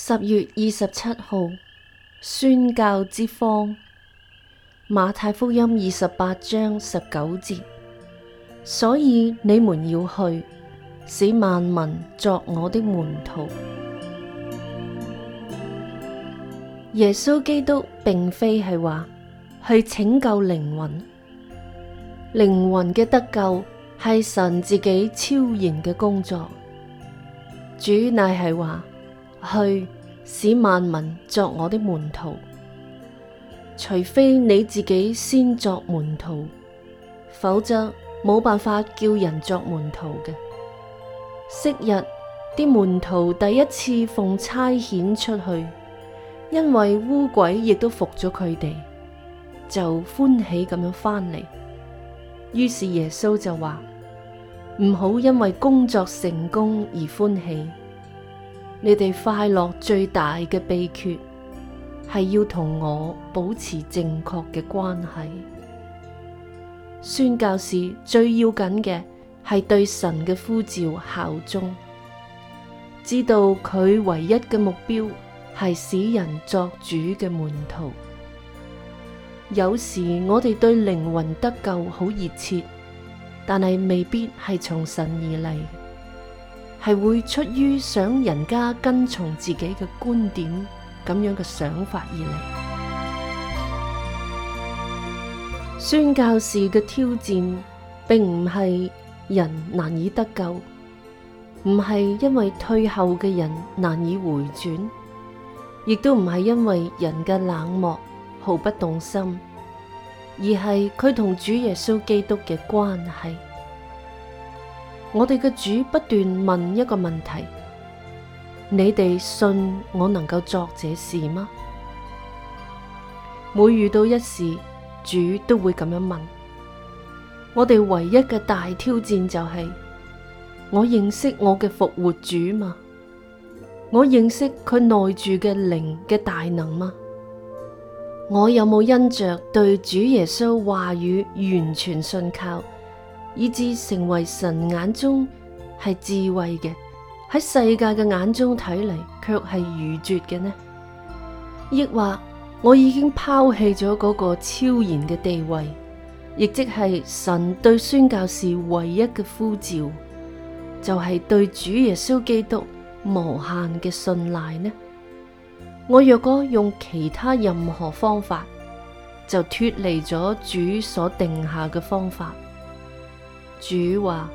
十月二十七號，宣教之方，馬太福音二十八章十九節。所以你們要去，使萬民作我的門徒。耶穌基督並非係話去拯救靈魂，靈魂嘅得救係神自己超然嘅工作。主乃係話。去使萬民作我的門徒，除非你自己先作門徒，否則冇辦法叫人作門徒嘅。昔日啲門徒第一次奉差遣出去，因為污鬼亦都服咗佢哋，就歡喜咁樣返嚟。於是耶穌就話：唔好因為工作成功而歡喜。你哋快樂最大嘅秘訣係要同我保持正確嘅關係。宣教士最要緊嘅係對神嘅呼召效忠，知道佢唯一嘅目標係使人作主嘅門徒。有時我哋對靈魂得救好熱切，但係未必係從神而嚟。係會出於想人家跟從自己嘅觀點，咁樣嘅想法而嚟。宣教士嘅挑戰，並唔係人難以得救，唔係因為退後嘅人難以回轉，亦都唔係因為人嘅冷漠毫不動心，而係佢同主耶穌基督嘅關係。我哋嘅主不斷問一個問題：你哋信我能夠作這事嗎？每遇到一事，主都會咁樣問。我哋唯一嘅大挑戰就係：我認識我嘅復活主嗎？我認識佢內住嘅靈嘅大能嗎？我有冇因着對主耶穌話語完全信靠？以至成為神眼中係智慧嘅，喺世界嘅眼中睇嚟卻係愚拙嘅呢？亦或我已經拋棄咗嗰個超然嘅地位，亦即係神對宣教士唯一嘅呼召，就係對主耶穌基督無限嘅信賴呢？我若果用其他任何方法，就脫離咗主所定下嘅方法。主話：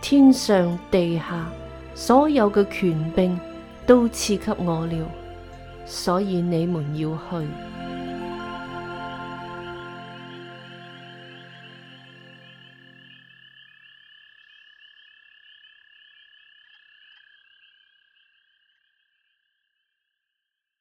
天上地下所有嘅權柄都賜給我了，所以你們要去。